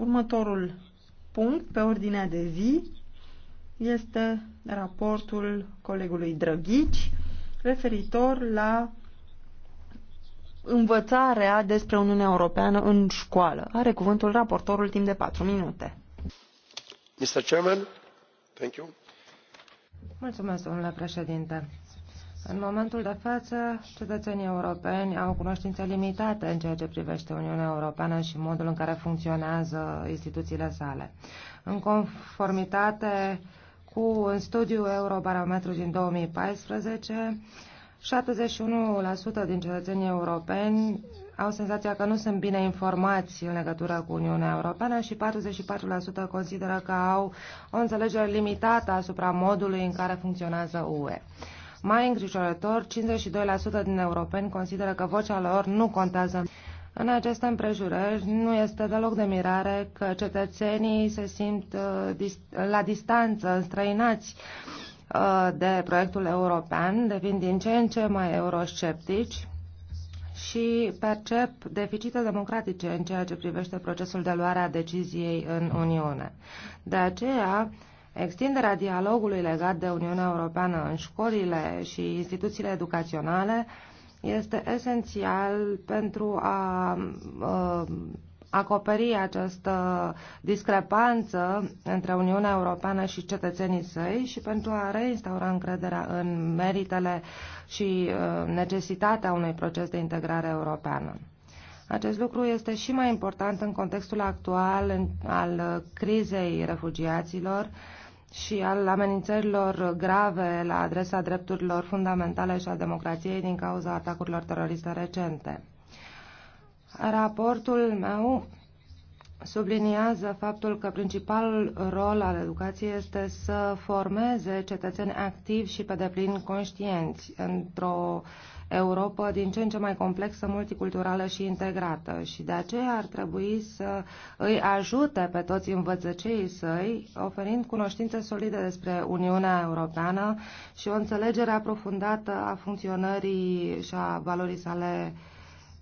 Următorul punct pe ordinea de zi este raportul colegului Drăghici referitor la învățarea despre Uniunea Europeană în școală. Are cuvântul raportorul timp de 4 minute. Mr. Chairman, thank you. Mulțumesc, domnule președinte. În momentul de față, cetățenii europeni au cunoștințe limitate în ceea ce privește Uniunea Europeană și modul în care funcționează instituțiile sale. În conformitate cu un studiu Eurobarometru din 2014, 71% din cetățenii europeni au senzația că nu sunt bine informați în legătură cu Uniunea Europeană și 44% consideră că au o înțelegere limitată asupra modului în care funcționează UE. Mai îngrijorător, 52% din europeni consideră că vocea lor nu contează. În aceste împrejurări nu este deloc de mirare că cetățenii se simt uh, la distanță, străinați uh, de proiectul european, devin din ce în ce mai eurosceptici și percep deficite democratice în ceea ce privește procesul de luare a deciziei în Uniune. De aceea, Extinderea dialogului legat de Uniunea Europeană în școlile și instituțiile educaționale este esențial pentru a ă, acoperi această discrepanță între Uniunea Europeană și cetățenii săi și pentru a reinstaura încrederea în meritele și ă, necesitatea unui proces de integrare europeană. Acest lucru este și mai important în contextul actual al crizei refugiaților, și al amenințărilor grave la adresa drepturilor fundamentale și a democrației din cauza atacurilor teroriste recente. Raportul meu subliniază faptul că principalul rol al educației este să formeze cetățeni activi și pe deplin conștienți într-o uh, Europa din ce în ce mai complexă, multiculturală și integrată și de aceea ar trebui să îi ajute pe toți învățăcei săi, oferind cunoștințe solide despre Uniunea Europeană și o înțelegere aprofundată a funcționării și a valorii sale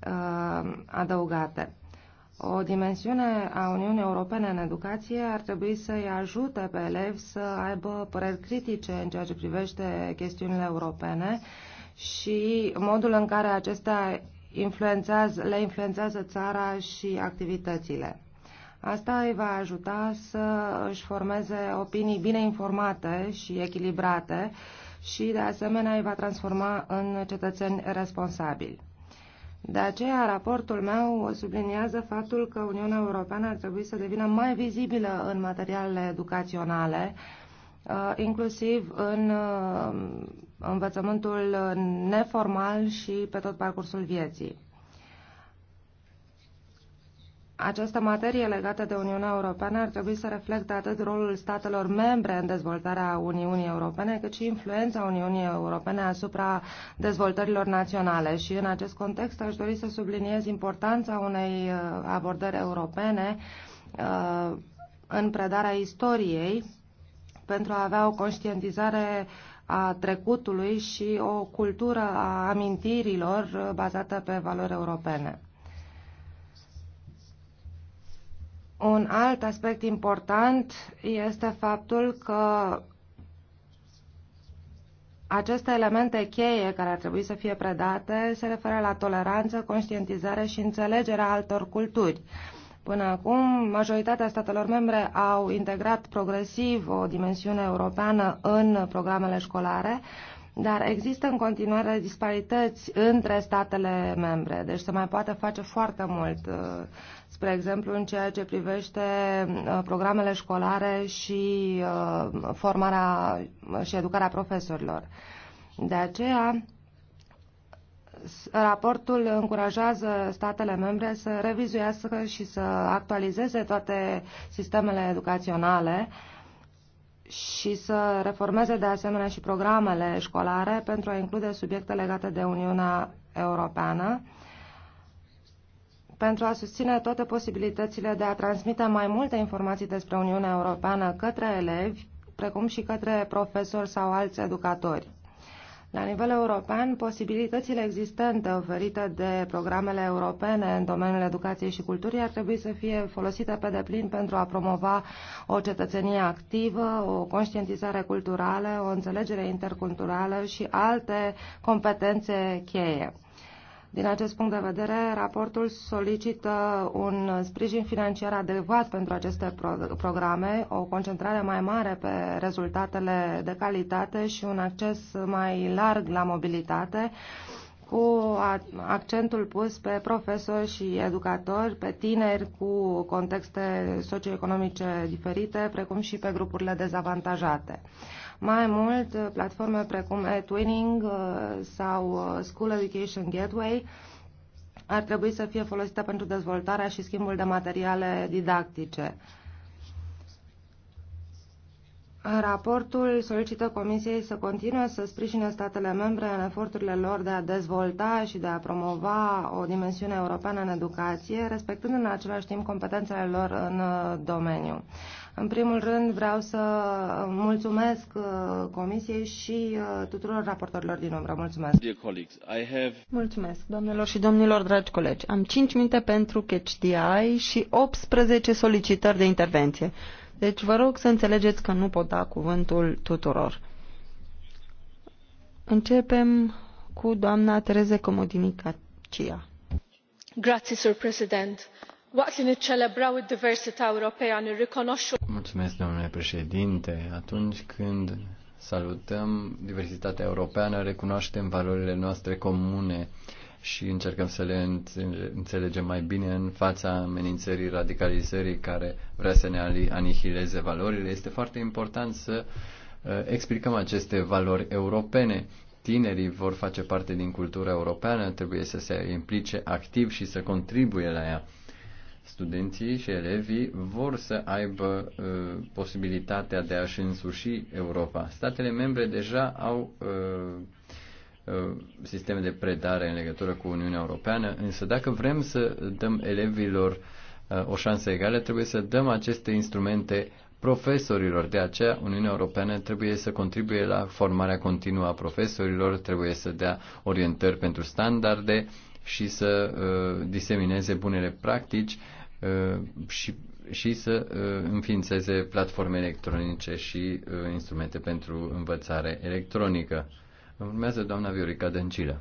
uh, adăugate. O dimensiune a Uniunii Europene în educație ar trebui să-i ajute pe elevi să aibă păreri critice în ceea ce privește chestiunile europene și modul în care acestea influențează, le influențează țara și activitățile. Asta îi va ajuta să își formeze opinii bine informate și echilibrate și, de asemenea, îi va transforma în cetățeni responsabili. De aceea, raportul meu subliniază faptul că Uniunea Europeană ar trebui să devină mai vizibilă în materialele educaționale, Uh, inclusiv în uh, învățământul neformal și pe tot parcursul vieții. Această materie legată de Uniunea Europeană ar trebui să reflecte atât rolul statelor membre în dezvoltarea Uniunii Europene, cât și influența Uniunii Europene asupra dezvoltărilor naționale. Și în acest context aș dori să subliniez importanța unei uh, abordări europene în predarea istoriei pentru a avea o conștientizare a trecutului și o cultură a amintirilor uh, bazată pe valori europene. Un alt aspect important este faptul că aceste elemente cheie care ar trebui să fie predate se referă la toleranță, conștientizare și înțelegerea altor culturi. Până acum, majoritatea statelor membre au integrat progresiv o dimensiune europeană în programele școlare, dar există în continuare disparități între statele membre, deci se mai poate face foarte mult, uh, spre exemplu în ceea ce privește uh, programele școlare și uh, formarea și educarea profesorilor. De aceea, Raportul încurajează statele membre să revizuiască și să actualizeze toate sistemele educaționale și să reformeze de asemenea și programele școlare pentru a include subiecte legate de Uniunea Europeană, pentru a susține toate posibilitățile de a transmite mai multe informații despre Uniunea Europeană către elevi, precum și către profesori sau alți educatori. La nivel european, posibilitățile existente oferite de programele europene în domeniul educației și culturii ar trebui să fie folosite pe deplin pentru a promova o cetățenie activă, o conștientizare culturală, o înțelegere interculturală și alte competențe cheie. Din acest punct de vedere, raportul solicită un sprijin financiar adecvat pentru aceste pro programe, o concentrare mai mare pe rezultatele de calitate și un acces mai larg la mobilitate, cu accentul pus pe profesori și educatori, pe tineri cu contexte socioeconomice diferite, precum și pe grupurile dezavantajate. Mai mult, uh, platforme precum eTwinning uh, sau uh, School Education Gateway ar trebui să fie folosite pentru dezvoltarea și schimbul de materiale didactice. Raportul solicită Comisiei să continue să sprijine statele membre în eforturile lor de a dezvolta și de a promova o dimensiune europeană în educație, respectând în același timp competențele lor în domeniu. În primul rând vreau să mulțumesc uh, Comisiei și uh, tuturor raportorilor din Umbra. Mulțumesc. Mulțumesc, doamnelor și domnilor, dragi colegi. Am 5 minute pentru catch și 18 solicitări de intervenție. Deci vă rog să înțelegeți că nu pot da cuvântul tuturor. Începem cu doamna Tereze Comodinica Cia. Grazie, Sir President domnule președinte. Atunci când salutăm diversitatea europeană, recunoaștem valorile noastre comune și încercăm să le înțelegem mai bine în fața amenințării radicalizării care vrea să ne anihileze valorile. Este foarte important să uh, explicăm aceste valori europene. Tinerii vor face parte din cultura europeană, trebuie să se implice activ și să contribuie la ea studenții și elevii vor să aibă uh, posibilitatea de a-și însuși Europa. Statele membre deja au uh, uh, sisteme de predare în legătură cu Uniunea Europeană, însă dacă vrem să dăm elevilor uh, o șansă egală, trebuie să dăm aceste instrumente profesorilor. De aceea, Uniunea Europeană trebuie să contribuie la formarea continuă a profesorilor, trebuie să dea orientări pentru standarde și să uh, disemineze bunele practici uh, Uh, și, și să uh, înființeze platforme electronice și uh, instrumente pentru învățare electronică. Urmează doamna Viorica Dăncilă.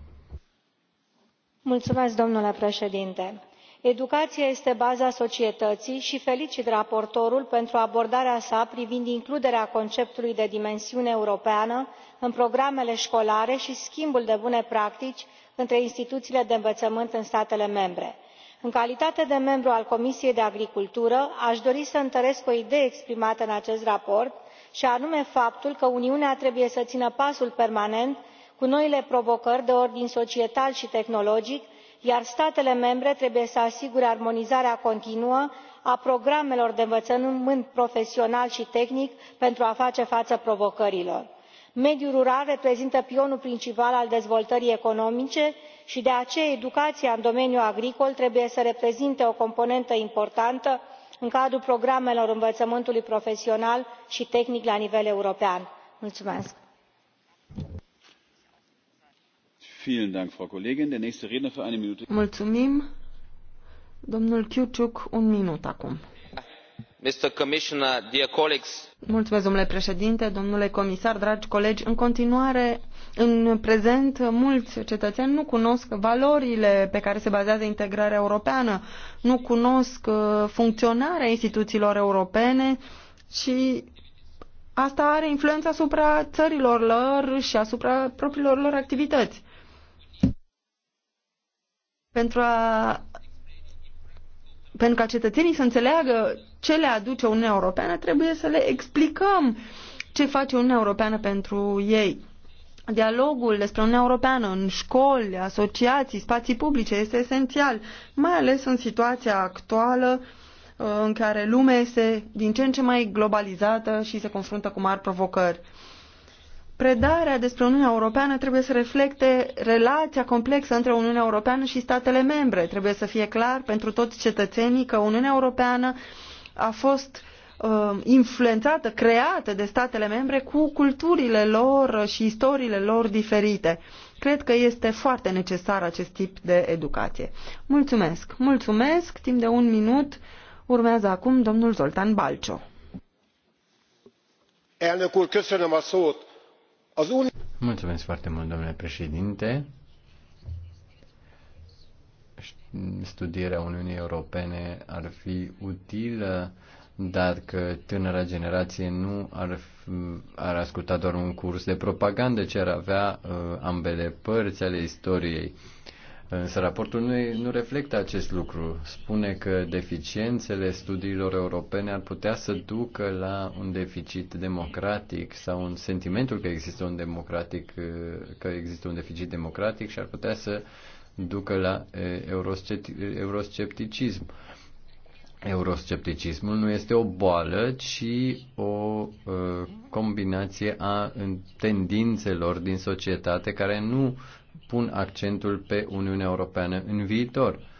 Mulțumesc, domnule președinte educația este baza societății și felicit raportorul pentru abordarea sa privind includerea conceptului de dimensiune europeană în programele școlare și schimbul de bune practici între instituțiile de învățământ în statele membre în calitate de membru al comisiei pentru agricultură aș dori să întăresc o idee exprimată în acest raport și anume faptul că uniunea trebuie să țină pasul permanent cu noile provocări de ordin societal și tehnologic iar statele membre trebuie să asigure armonizarea continuă a programelor de învățământ profesional și tehnic pentru a face față provocărilor mediul rural reprezintă pionul principal al dezvoltării economice și de aceea educația în domeniul agricol trebuie să reprezinte o componentă importantă în cadrul programelor învățământului profesional și tehnic la nivel european. mulțumesc. Mulțumim. un minut acum domnule președinte domnule comisar dragi colegi în continuare în prezent mulți cetățeni nu cunosc valorile pe care se bazează integrarea europeană nu cunosc uh, funcționarea instituțiilor europene și asta are influență asupra țărilor lor și asupra propriilor lor activități. Pentru ca cetățenii să înțeleagă ce le aduce Uniunea Europeană, trebuie să le explicăm ce face Uniunea Europeană pentru ei. Dialogul despre Uniunea Europeană în școli, asociații, spații publice este esențial, mai ales în situația actuală uh, în care lumea este din ce în ce mai globalizată și se confruntă cu mari provocări. Predarea despre Uniunea Europeană trebuie să reflecte relația complexă între Uniunea Europeană și statele membre. Trebuie să fie clar pentru toți cetățenii că Uniunea Europeană uh, a fost uh, influențată, creată de statele membre cu culturile lor și istoriile lor diferite. Cred că este foarte necesar acest tip de educație. Mulțumesc! Mulțumesc! Timp de un minut urmează acum domnul Zoltan Balcio. Mulțumesc foarte mult, domnule președinte studierea Uniunii Europene ar fi utilă, dar că tânăra generație nu ar, ar asculta doar un curs de propagandă, ci ar avea uh, ambele părți ale istoriei. Însă raportul nu, nu reflectă acest lucru. Spune că deficiențele studiilor europene ar putea să ducă la un deficit democratic sau un sentimentul că există un democratic, uh, că există un deficit democratic și ar putea să uh, ducă la euroscepticism. Euroscepticismul nu este o boală, ci o combinație a tendințelor din societate care nu pun accentul pe Uniunea Europeană în viitor.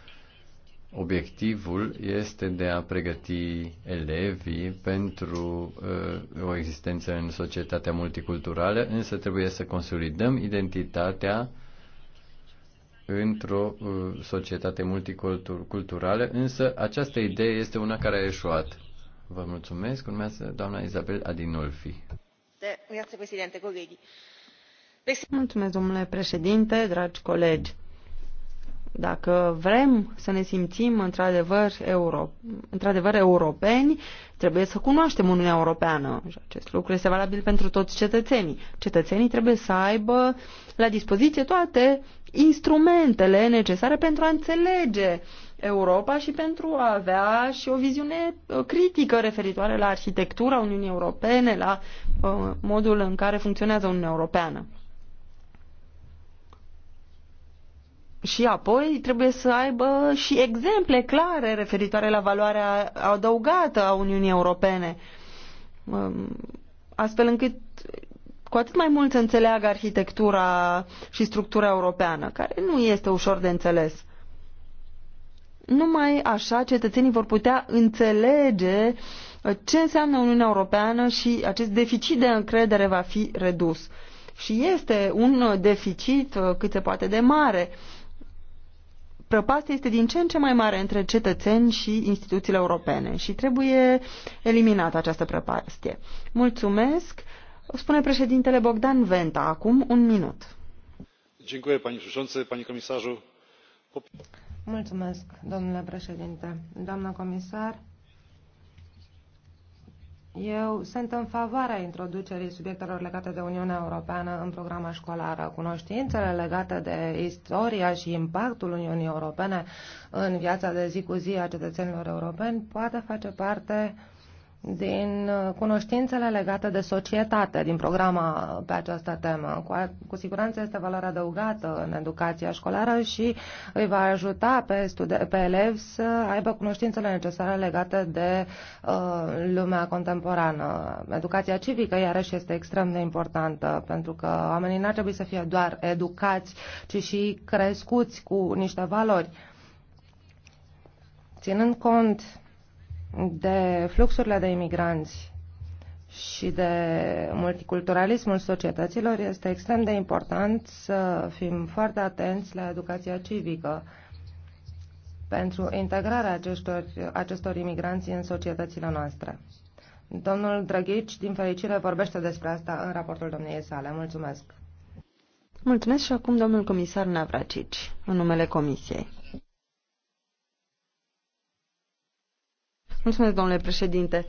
Obiectivul este de a pregăti elevii pentru uh, o existență în societatea multiculturală, însă trebuie să consolidăm identitatea uh, într-o uh, societate multiculturală, însă această idee este una care a eșuat. Vă mulțumesc. Urmează doamna Isabel Adinolfi. Mulțumesc, domnule președinte, dragi colegi dacă vrem să ne simțim într-adevăr euro, într-adevăr europeni, trebuie să cunoaștem Uniunea Europeană și acest lucru este valabil pentru toți cetățenii. Cetățenii trebuie să aibă la dispoziție toate instrumentele necesare pentru a înțelege Europa și pentru a avea și o viziune uh, critică referitoare la arhitectura Uniunii Europene, la uh, modul în care funcționează Uniunea Europeană. și apoi trebuie să aibă și exemple clare referitoare la valoarea adăugată a Uniunii Europene, um, astfel încât cu atât mai mult să înțeleagă arhitectura și structura europeană, care nu este ușor de înțeles. Numai așa cetățenii vor putea înțelege uh, ce înseamnă Uniunea Europeană și acest deficit de încredere va fi redus. Și este un deficit uh, cât se poate de mare prăpastie este din ce în ce mai mare între cetățeni și instituțiile europene și trebuie eliminată această prăpastie. Mulțumesc. Spune președintele Bogdan Venta, acum un minut. Dziękuję, Mulțumesc, domnule președinte. Doamna comisar, eu sunt în favoarea introducerii subiectelor legate de Uniunea Europeană în programa școlară. Cunoștințele legate de istoria și impactul Uniunii Europene în viața de zi cu zi a cetățenilor europeni poate face parte uh, din uh, cunoștințele legate de societate, din programa pe această temă. Cu, a, cu siguranță este valoare adăugată în educația școlară și îi va ajuta pe, pe elevi să aibă cunoștințele necesare legate de uh, lumea contemporană. Educația civică, iarăși, este extrem de importantă, pentru că oamenii n-ar trebui să fie doar educați, ci și crescuți cu niște valori. Ținând cont de fluxurile de imigranți și de multiculturalismul societăților, este extrem de important să fim foarte atenți la educația civică pentru integrarea acestor, acestor imigranți în societățile noastre. Domnul Drăghici, din fericire, vorbește despre asta în raportul domniei sale. Mulțumesc! Mulțumesc și acum domnul comisar Navracici, în numele Comisiei. Mulțumesc, domnule președinte.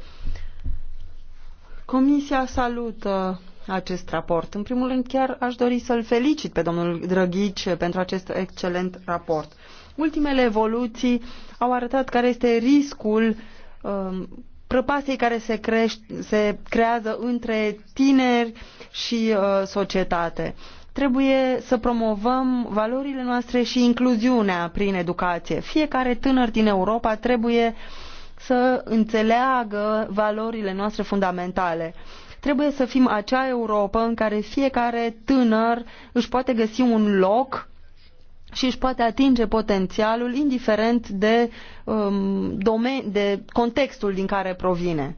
Comisia salută acest raport. În primul rând, chiar aș dori să-l felicit pe domnul Drăghici pentru acest excelent raport. Ultimele evoluții au arătat care este riscul um, prăpastei care se, crește, se creează între tineri și uh, societate. Trebuie să promovăm valorile noastre și incluziunea prin educație. Fiecare tânăr din Europa trebuie uh, să înțeleagă valorile noastre fundamentale. Trebuie să fim acea Europa în care fiecare tânăr își poate găsi un loc și își poate atinge potențialul indiferent de, um, domen- de contextul din care provine.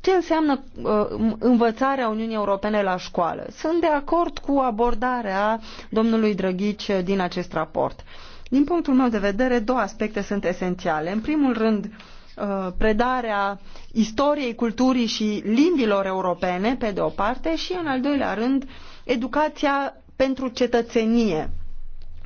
Ce înseamnă uh, învățarea Uniunii Europene la școală? Sunt de acord cu abordarea domnului Drăghici din acest raport. Uh, din punctul meu de vedere, două aspecte sunt esențiale. În primul rând, uh, predarea istoriei, culturii și limbilor europene, pe de o parte, și în al doilea rând, educația pentru cetățenie.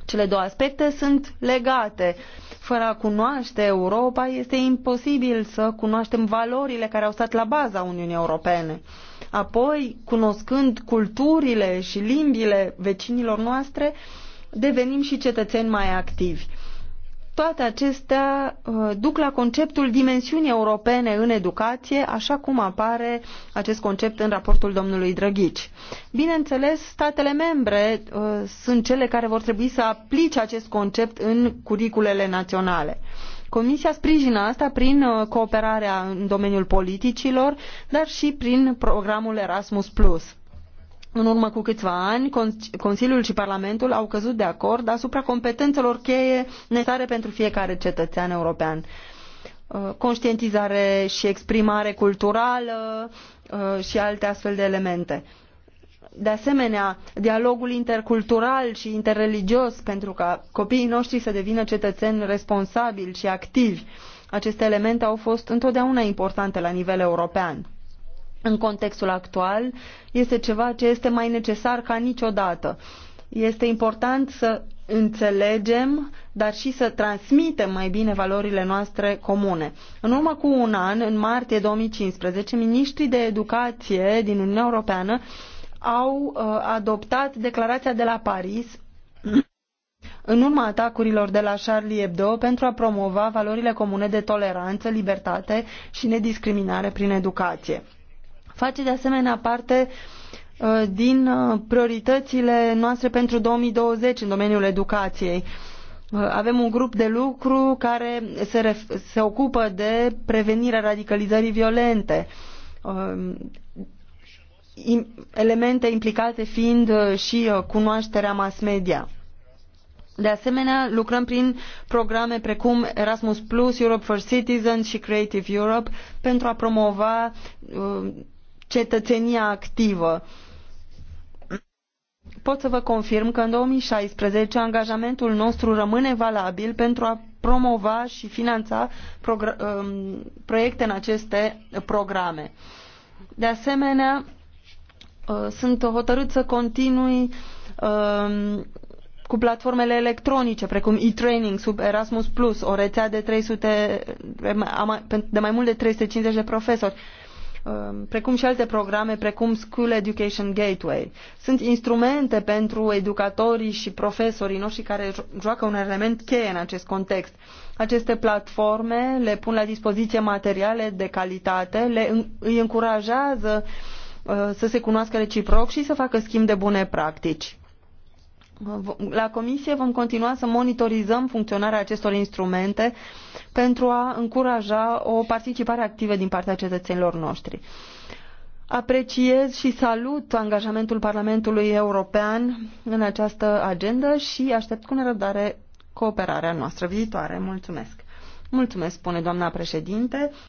Cele două aspecte sunt legate. Fără a cunoaște Europa, este imposibil să cunoaștem valorile care au stat la baza Uniunii Europene. Apoi, cunoscând culturile și limbile vecinilor noastre, devenim și cetățeni mai activi. Toate acestea uh, duc la conceptul dimensiunii europene în educație, așa cum apare acest concept în raportul domnului Drăghici. Bineînțeles, statele membre uh, sunt cele care vor trebui să aplice acest concept în curiculele naționale. Comisia sprijină asta prin uh, cooperarea în domeniul politicilor, dar și prin programul Erasmus în urmă cu câțiva ani, Consiliul și Parlamentul au căzut de acord asupra competențelor cheie necesare pentru fiecare cetățean european. Uh, conștientizare și exprimare culturală uh, și alte astfel de elemente. De asemenea, dialogul intercultural și interreligios pentru ca copiii noștri să devină cetățeni responsabili și activi. Aceste elemente au fost întotdeauna importante la nivel european în contextul actual este ceva ce este mai necesar ca niciodată. Este important să înțelegem, dar și să transmitem mai bine valorile noastre comune. În urmă cu un an, în martie 2015, ministrii de educație din Uniunea Europeană au uh, adoptat declarația de la Paris în urma atacurilor de la Charlie Hebdo pentru a promova valorile comune de toleranță, libertate și nediscriminare prin educație face de asemenea parte uh, din uh, prioritățile noastre pentru 2020 în domeniul educației. Uh, avem un grup de lucru care se, se ocupă de prevenirea radicalizării violente, elemente implicate fiind și cunoașterea mass media. De asemenea, lucrăm prin programe precum Erasmus Europe for Citizens și Creative Europe pentru a promova cetățenia activă. Pot să vă confirm că în 2016 angajamentul nostru rămâne valabil pentru a promova și finanța um, proiecte în aceste programe. De asemenea, uh, sunt hotărât să continui um, cu platformele electronice, precum e-training sub Erasmus+, o rețea de, 300, de mai mult de 350 de profesori Um, precum și alte programe, precum School Education Gateway. Sunt instrumente pentru educatorii și profesorii noștri care joacă un element cheie în acest context. Aceste platforme le pun la dispoziție materiale de calitate, le, îi încurajează uh, să se cunoască reciproc și să facă schimb de bune practici la comisie vom continua să monitorizăm funcționarea acestor instrumente pentru a încuraja o participare activă din partea cetățenilor noștri. Apreciez și salut angajamentul Parlamentului European în această agendă și aștept cu nerăbdare cooperarea noastră viitoare. Mulțumesc! Mulțumesc, spune doamna președinte.